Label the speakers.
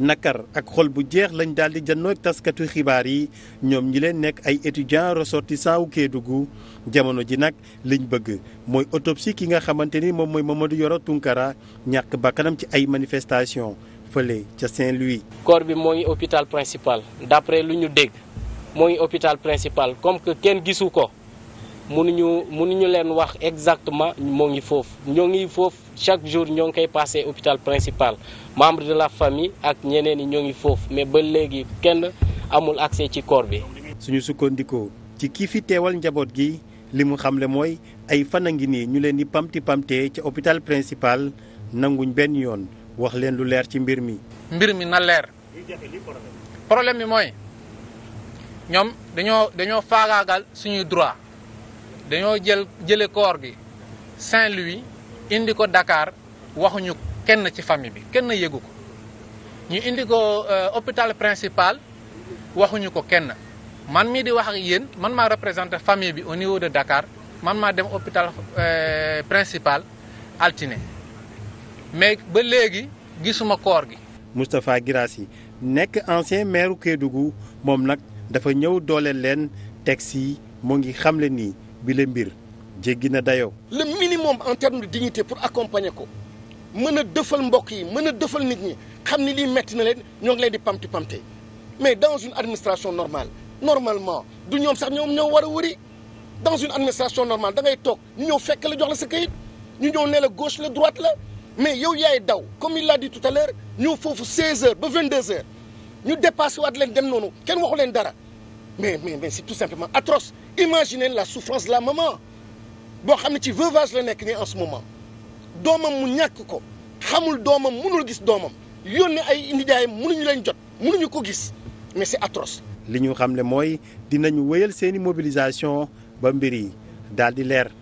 Speaker 1: nakar ak xol bu jeex lañ daal di jannoo ak taskatu xibaar yi ñoom ñi leen nekk ay étudiants ressortissants wu Kédougou jamono ji nag liñ bëgg mooy autopsie ki nga xamante ni moom mooy ma Mamadou Yoro Tunkara ñàkk bàkkanam ci ay manifestations fale ca Saint-Louis.
Speaker 2: corps bi moo ngi hôpital principal d'après lu ñu dégg moo ngi hôpital principal comme que kenn gisu ko. mënuñu mënuñu leen wax exactement moo ngi foofu ñoo ngi foofu chaque jour ñoo ngi koy passé hôpital principal membre de la famille ak ñeneen ñi ñoo ngi foofu mais ba léegi kenn amul accès ci corps bi.
Speaker 1: suñu sukkandikoo ci kii fi teewal njaboot gi li mu xamle mooy ay fan a ngi nii ñu leen di pamti pamtee ca hôpital principal nanguñ benn yoon wax leen lu leer
Speaker 3: ci mbir mi. mbir mi na leer. problème bi mooy ñoom dañoo dañoo faagaagal suñuy droit. dañoo jël jële koor gi Saint-Louis indi ko dakaar waxuñu kenn ci famille bi kenn yëgu ko ñu indi ko euh, hôpital principal waxuñu ko kenn man mii di wax ak yéen man maa représenté famille bi au niveau de dakaar man maa dem hôpital euh, principal altine mais ba léegi gisuma koor gi.
Speaker 1: Moustapha yi nekk ancien maire Kédougou moom nag dafa ñëw dooleel leen teg si mu ngi xamle nii. bi la mbir jéggi na dayoo.
Speaker 4: le minimum en terme de dignité pour
Speaker 1: accompagner ko mën a dëfal mbokk yi mën a dëfal nit
Speaker 4: ñi xam ni lii metti na leen ñoo ngi leen di pamti pamte mais dans une administration normale normalement du ñoom sax ñoom ñoo war a wëri dans une administration normale da ngay toog ñu ñëw fekk la jox la sa kayit ñu ñëw ne la gauche la droite la mais yow yaay daw comme il l'a dit tout à ñëw foofu 16 heures ba 22 heures ñu dépassé waat leen dem noonu kenn waxu leen dara mais mais mais c'est tout simplement imaginez la souffrance la maman boo xam ne ci veuvage la nekk nii en ce moment doomam mu ñàkk ko xamul doomam mënul gis doomam
Speaker 1: yónni ay ndijaayam mënuñu leen jot mënuñu ko gis mais c'est atroce. li ñu xam ne mooy dinañu wéyal seeni mobilisation ba mbir yi daal di leer.